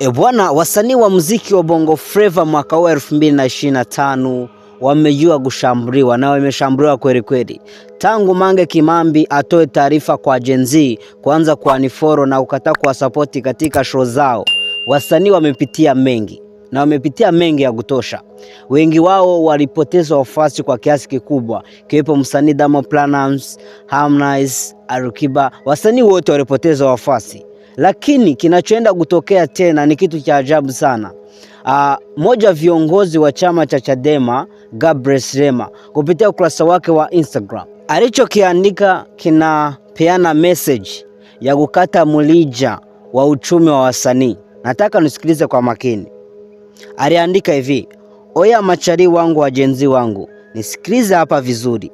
E bwana, wasanii wa muziki wa Bongo Flava mwaka huu 2025 wamejua kushambuliwa na wameshambuliwa kweli kweli. Tangu Mange Kimambi atoe taarifa kwa Gen Z kuanza kuaniforo na kukataa kuwasapoti katika show zao, wasanii wamepitia mengi na wamepitia mengi ya kutosha. Wengi wao walipoteza wafuasi kwa kiasi kikubwa, kiwepo msanii Damo Platnumz, Harmonize, Alikiba. Wasanii wote walipoteza wafuasi lakini kinachoenda kutokea tena ni kitu cha ajabu sana. Uh, moja viongozi wa chama cha Chadema Gabriel Srema kupitia ukurasa wake wa Instagram alichokiandika kinapeana message ya kukata mlija wa uchumi wa wasanii. Nataka nisikilize kwa makini. Aliandika hivi: oya machari wangu, jenzi wangu, nisikilize hapa vizuri.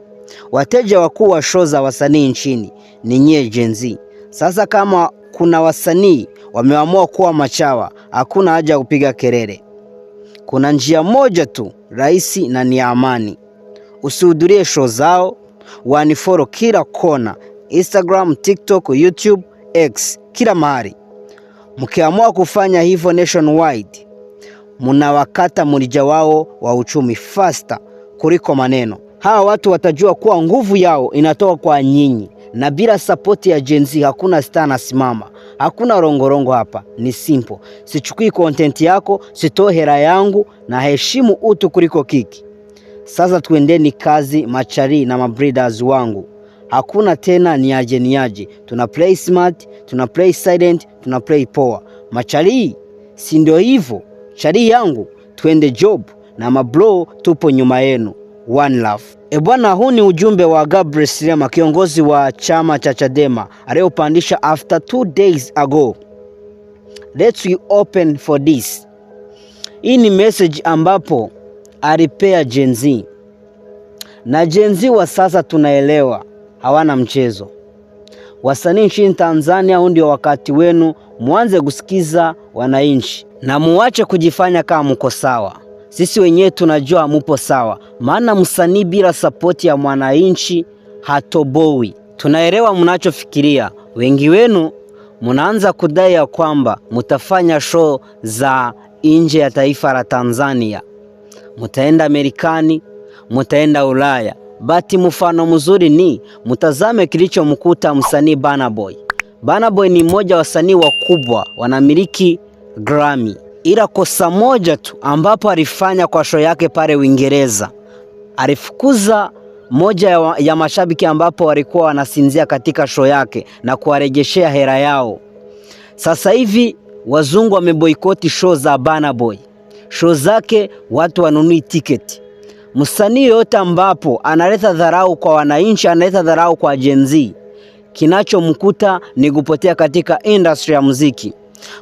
Wateja wakuu wa show za wasanii nchini ni nyie jenzi. Sasa kama kuna wasanii wameamua kuwa machawa, hakuna haja ya kupiga kelele. Kuna njia moja tu rahisi na ni amani. Usihudhurie show zao, waniforo kila kona, Instagram, TikTok, YouTube, X, kila mahali. Mkiamua kufanya hivyo nationwide, munawakata mrija wao wa uchumi faster kuliko maneno. Hawa watu watajua kuwa nguvu yao inatoka kwa nyinyi na bila sapoti ya Gen Z hakuna star anasimama, hakuna rongorongo hapa, ni simple. Sichukui content yako, sitoe hera yangu, na heshimu utu kuliko kiki. Sasa tuendeni kazi, machari na mabreeders wangu. Hakuna tena ni aje, tuna play smart, tuna play silent, tuna play power. Machari si ndio hivyo? Chari yangu, twende job na mablo, tupo nyuma yenu. One Love. E bwana, huu ni ujumbe wa Gabriel Silema, kiongozi wa chama cha Chadema aliyopandisha after two days ago. Let's we open for this. Hii ni message ambapo alipea Gen Z na Gen Z wa sasa tunaelewa, hawana mchezo. Wasanii nchini Tanzania, huu ndio wakati wenu, muanze kusikiza wananchi na muache kujifanya kama mko sawa sisi wenyewe tunajua mupo sawa, maana msanii bila sapoti ya mwananchi hatobowi Tunaelewa mnachofikiria. Wengi wenu munaanza kudai ya kwamba mutafanya show za nje ya taifa la Tanzania, mutaenda Amerikani, mutaenda Ulaya. Bati mfano mzuri ni mtazame kilichomkuta msanii banaboy banaboy ni mmoja wa wasanii wakubwa wanamiliki Grammy ila kosa moja tu ambapo alifanya kwa show yake pale Uingereza, alifukuza moja ya, ya mashabiki ambapo walikuwa wanasinzia katika show yake na kuwarejeshea hera yao. Sasa hivi wazungu wameboikoti show za Burna Boy, show zake watu wanunui tiketi. Msanii yoyote ambapo analeta dharau kwa wananchi, analeta dharau kwa Gen Z, kinachomkuta ni kupotea katika industry ya muziki.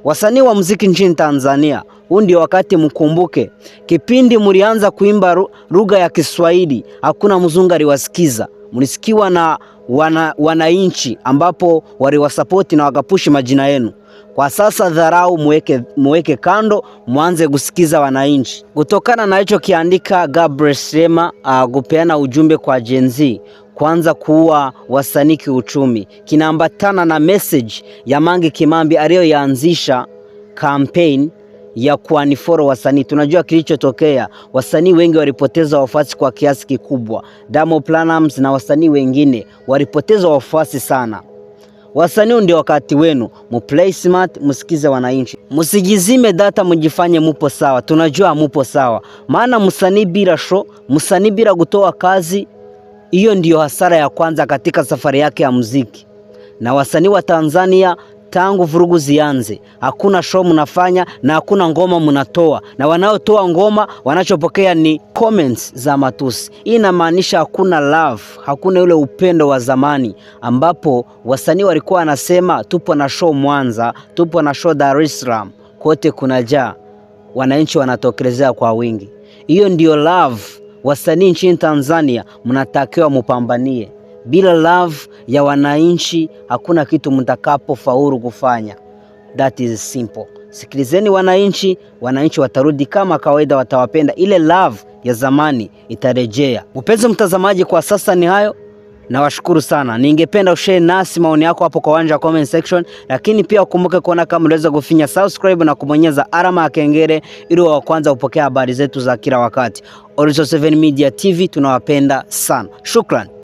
Wasanii wa muziki nchini Tanzania, huu ndio wakati mkumbuke, kipindi mlianza kuimba lugha ya Kiswahili hakuna mzungu aliwasikiza, mlisikiwa na wana, wananchi ambapo waliwasapoti na wakapushi majina yenu. Kwa sasa dharau muweke, muweke kando, mwanze kusikiza wananchi. Kutokana na hicho kiandika Gabriel Sema uh, kupeana ujumbe kwa Gen Z kuanza kuua wasanii kiuchumi, kinaambatana na message ya Mange Kimambi aliyoyaanzisha campaign ya kuaniforo wasanii. Tunajua kilichotokea, wasanii wengi walipoteza wafuasi kwa kiasi kikubwa. Diamond Platnumz na wasanii wengine walipoteza wafuasi sana. Wasanii ndio wakati wenu, muplay smart, msikize wananchi, msijizime data, mjifanye mupo sawa. Tunajua mupo sawa, maana msanii bila show, msanii bila kutoa kazi hiyo ndiyo hasara ya kwanza katika safari yake ya muziki. Na wasanii wa Tanzania tangu vurugu zianze, hakuna show mnafanya na hakuna ngoma mnatoa, na wanaotoa ngoma wanachopokea ni comments za matusi. Hii inamaanisha hakuna love, hakuna ule upendo wa zamani ambapo wasanii walikuwa wanasema tupo na show Mwanza, tupo na show Dar es Salaam, kote kunajaa, wananchi wanatokelezea kwa wingi. Hiyo ndiyo love Wasanii nchini Tanzania mnatakiwa mupambanie. Bila love ya wananchi hakuna kitu faulu kufanya. That is simple. Sikilizeni wananchi, wananchi watarudi kama kawaida, watawapenda. Ile love ya zamani itarejea. Mpenzi mtazamaji, kwa sasa ni hayo. Nawashukuru sana, ningependa ushare nasi maoni yako hapo kwa uwanja wa comment section, lakini pia ukumbuke kuona kama uliweza kufinya subscribe na kubonyeza alama ya kengele ili wa kwanza kupokea habari zetu za kila wakati. Olivisoro7 Media TV tunawapenda sana, shukran.